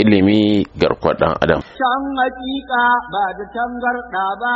ilimi garkwar ɗan adam. Can hakika ba da garɗa ba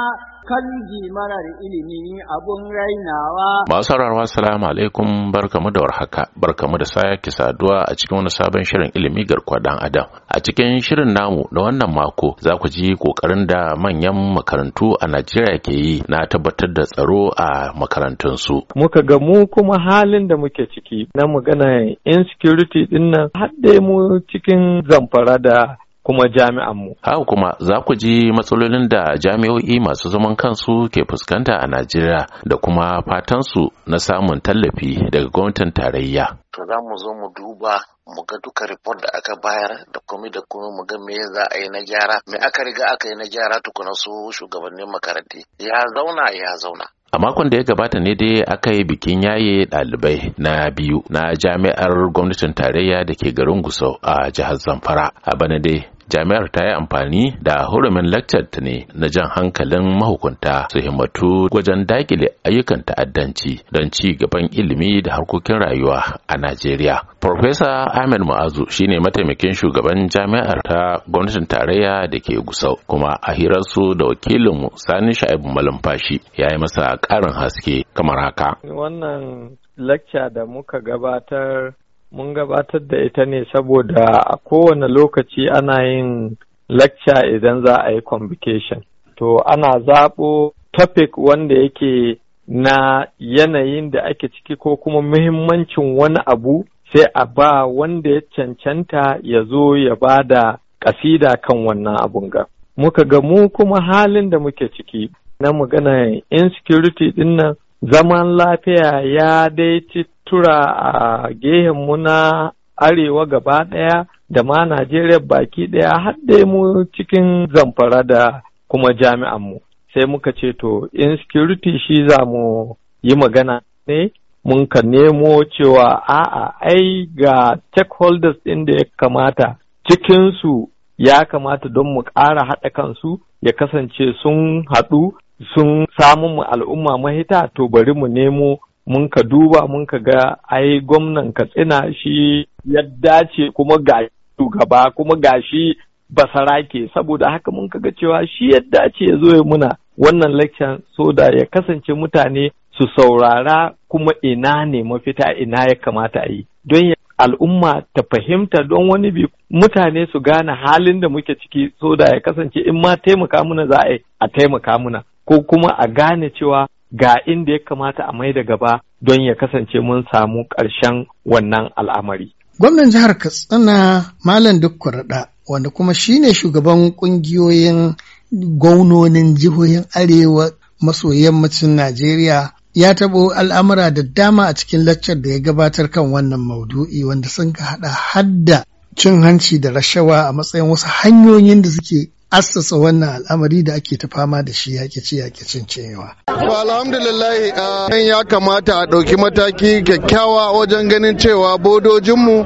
kanji marar da ilimi abun rainawa. Masu rarwa salamu alaikum barkamu da warhaka barkamu da sake saduwa a cikin wani sabon shirin ilimi garkuwa dan adam. A cikin shirin namu na wannan mako za ku ji kokarin da manyan makarantu a Najeriya ke yi na tabbatar da tsaro a makarantunsu. Muka ga mu kuma halin da muke ciki na magana insecurity din nan har mu cikin zamfara da kuma jami'anmu. Haka kuma za ku ji matsalolin da jami'o'i masu zaman kansu ke fuskanta a Najeriya da kuma fatan su na samun tallafi daga gwamnatin tarayya. To za mu zo mu duba mu ga duka report da aka bayar da komi da komi mu ga me za a yi na gyara me aka riga aka yi na gyara tukuna su shugabannin makaranti ya zauna ya zauna a makon da ya gabata ne dai aka yi bikin yaye ɗalibai na biyu na jami'ar gwamnatin tarayya da ke garin gusau a jihar zamfara a bana dai jami'ar ta yi amfani da hurumin lecture ta ne na jan hankalin mahukunta su himmatu wajen dakile ayyukan ta'addanci don ci gaban ilimi da harkokin rayuwa a Najeriya. Profesa Ahmed Ma'azu shine mataimakin shugaban jami'ar ta gwamnatin tarayya da ke Gusau kuma a hirar su da wakilinmu Sani Sha'ibu Malumfashi ya yi masa ƙarin haske kamar haka. Wannan lacca da muka gabatar mun gabatar da ita ne saboda a kowane lokaci ana yin lacca idan za a yi convocation to ana zaɓo topic wanda yake na yanayin da ake ciki ko kuma muhimmancin wani abu sai a ba wanda ya cancanta ya zo ya ba da ƙasida kan wannan abun ga. Muka ga kuma halin da muke ciki na magana insecurity din nan zaman lafiya ya dai ci tura a gehenmu na arewa gaba ɗaya da ma Najeriya baki ɗaya har dai mu cikin zamfara da kuma jami'an mu. Sai muka ce to insecurity shi za mu yi magana ne mun ka nemo cewa a'a ai ga stakeholders ɗin da ya kamata cikinsu ya kamata don mu ƙara haɗa kansu ya kasance sun haɗu sun samu mu al'umma mahita to bari mu nemo mun ka duba mun ka ga ai gwamnan katsina shi ya dace kuma ga shugaba kuma ga shi basara ke saboda haka mun ka ga cewa shi ya dace ya zo ya muna wannan lakcan so da ya kasance mutane su saurara kuma ina ne mafita ina ya kamata a yi don al'umma ta fahimta don wani bi mutane su gane halin da muke ciki so da ya kasance in ma taimaka muna za a a taimaka muna ko kuma a gane cewa ga inda ya kamata a mai da gaba don ya kasance mun samu ƙarshen wannan al'amari. Gwamnan jihar Katsina Malam Kuraɗa, wanda kuma shine shugaban ƙungiyoyin gwamnonin jihohin Arewa maso yammacin Najeriya ya taɓo al'amura da dama a cikin laccar da ya gabatar kan wannan maudu'i wanda sun haɗa hadda cin hanci da rashawa a matsayin wasu hanyoyin da suke assasa wannan al'amari da ake ta fama da shi yaƙi ci yaƙi cin cewa. To alhamdulillah nan ya kamata a ɗauki mataki kyakkyawa wajen ganin cewa bodojinmu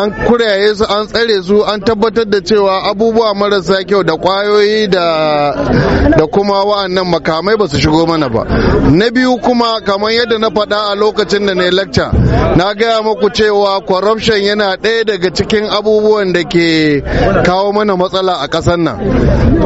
an kuraye su an tsare su an tabbatar da cewa abubuwa marasa kyau da kwayoyi da kuma wa'annan makamai ba su shigo mana ba. Na biyu kuma kamar yadda na faɗa a lokacin da na lecture na gaya muku cewa corruption yana ɗaya daga cikin abubuwan da ke kawo mana matsala a ƙasar nan.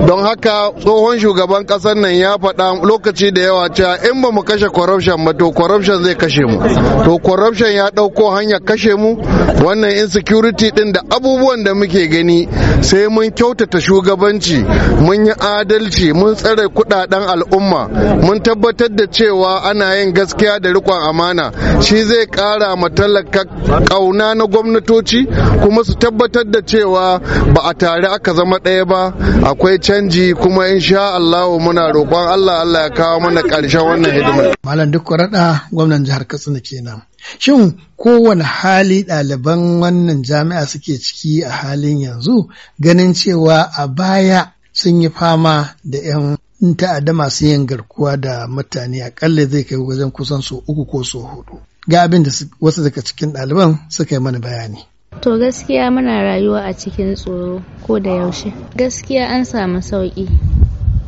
Don haka tsohon shugaban ƙasar nan ya faɗa lokaci da yawa cewa in ba mu kashe corruption ba to corruption zai kashe mu to corruption ya ɗauko hanyar kashe mu wannan insecurity din da abubuwan da muke gani sai mun kyautata shugabanci mun yi adalci mun tsare kudaden al'umma mun tabbatar da cewa ana yin gaskiya da rikon amana shi zai kara ma talaka kauna na gwamnatoci kuma su tabbatar da cewa ba a tare aka zama ɗaya ba akwai canji kuma insha Allah muna roƙon Allah Allah ya kawo mana ƙarshen wannan hidimar. Malam duk raɗa gwamnan jihar Katsina kenan. Shin kowane hali ɗaliban wannan jami'a suke ciki a halin yanzu ganin cewa a baya sun yi fama da 'yan in ta'adda masu yin garkuwa da mutane akalla zai kai wajen kusan so uku ko so hudu ga abin da wasu daga cikin ɗaliban suka yi mana bayani to gaskiya muna rayuwa a cikin tsoro ko da yaushe gaskiya an samu sauƙi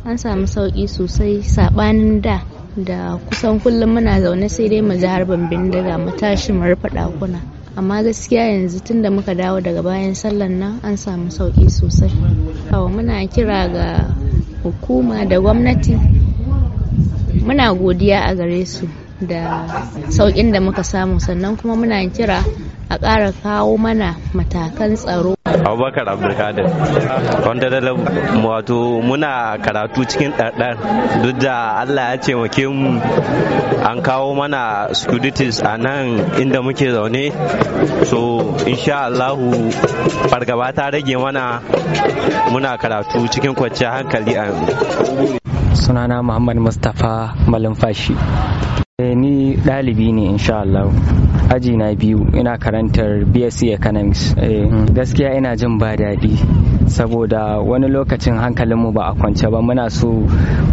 an samu sauƙi sosai saɓanin da da kusan kullum muna zaune sai dai mu ji harbin bindiga mu tashi mu rufe ɗakuna amma gaskiya yanzu tun da muka dawo daga bayan sallan nan an samu sauƙi sosai muna kira ga hukuma da gwamnati muna godiya a gare su da sauƙin da muka samu sannan kuma muna kira a ƙara kawo mana matakan tsaro abubakar abdulkadir wanda da wato muna karatu cikin ɗarɗar duk da allah ya ce mu an kawo mana sicuritis a nan inda muke zaune so insha allahu fargaba ta rage mana muna karatu cikin kwanciyar hankali a sunana muhammad mustapha malumfashi Eh, ni ɗalibi ne insha Allah. Aji na biyu ina karantar BSc Economics. Eh, hmm. Gaskiya ina jin ba daɗi saboda wani lokacin hankalinmu ba a kwance ba muna so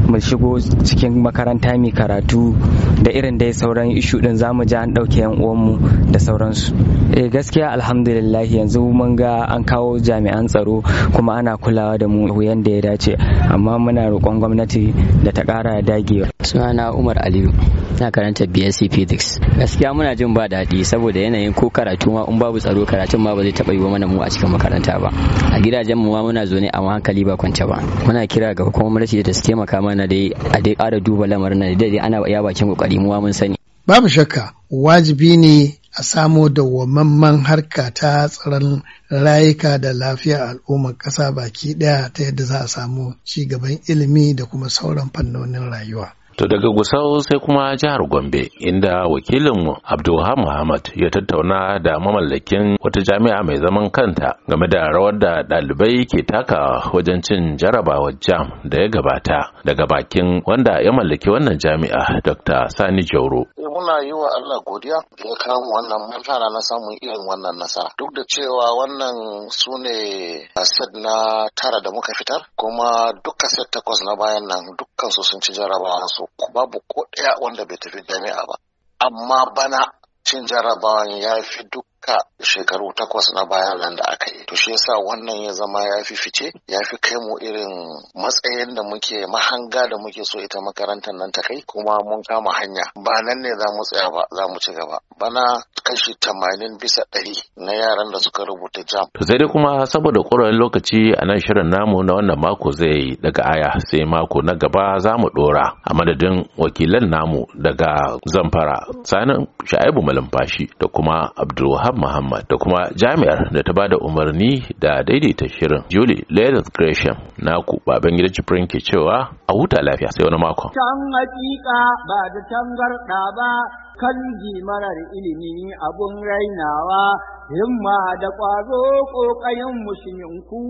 mu shigo cikin makaranta mai karatu da irin dai sauran ishu din zamu ji an ɗauke yan uwanmu da sauransu eh gaskiya alhamdulillah yanzu mun ga an kawo jami'an tsaro kuma ana kulawa da mu yanda ya dace amma muna roƙon gwamnati da ta ƙara dagewa sunana Umar Aliyu na karanta BSc Physics gaskiya muna jin ba daɗi saboda yanayin ko karatu ma in babu tsaro karatun ma ba zai taɓa yi mana mu a cikin makaranta ba a gidajen mu ma muna zo a a hankali ba kwance ba muna kira ga hukumar gwamnati da su taimaka mana da a dai ƙara duba lamarin nan dai ana ya bakin kokari mu mun sani babu shakka wajibi ne a samo dawwamamman harka ta tsaron rayuka da lafiyar al'ummar ƙasa baki ɗaya ta yadda za a samu ci gaban ilimi da kuma sauran fannonin rayuwa. To daga Gusau sai kuma jihar Gombe inda wakilinmu Abdulhamid Muhammad ya tattauna da mamallakin wata jami'a mai zaman kanta game da rawar da ɗalibai ke taka wajen cin jarabawar jam da ya gabata daga bakin wanda ya mallaki wannan jami'a Dr. Sani Jauro. Eh, muna yi wa Allah godiya da ya kawo wannan matsala na samun irin wannan nasara. Duk da cewa wannan su ne na tara da muka fitar kuma duka set takwas na bayan nan duk kansu sun ci su kuma babu ko ɗaya wanda bai tafi jami'a ba amma bana cin jarabawan ya fi duk ka shekaru takwas na baya nan da aka yi to shi yasa wannan ya zama ya fi fice ya fi kai mu irin matsayin da muke mahanga da muke so ita makarantar nan ta kai kuma mun kama hanya ba nan ne za mu tsaya ba za mu ci gaba bana kashi tamanin bisa ɗari na yaran da suka rubuta jam sai dai kuma saboda ƙwararren lokaci a nan shirin namu na wannan mako zai yi daga aya sai mako na gaba za mu ɗora a madadin wakilan namu daga zamfara sanin sha'ibu malumfashi da kuma abdulwahab Abraham Muhammad da kuma jami'ar da ta bada umarni da daidaita shirin Julie Leonard Gresham ku! baban gida Jibrin ke cewa a huta lafiya sai wani makon. Can hakika ba da tangarda ba kan marar ilimi abun rainawa himma da ƙwazo ƙoƙayen musulminku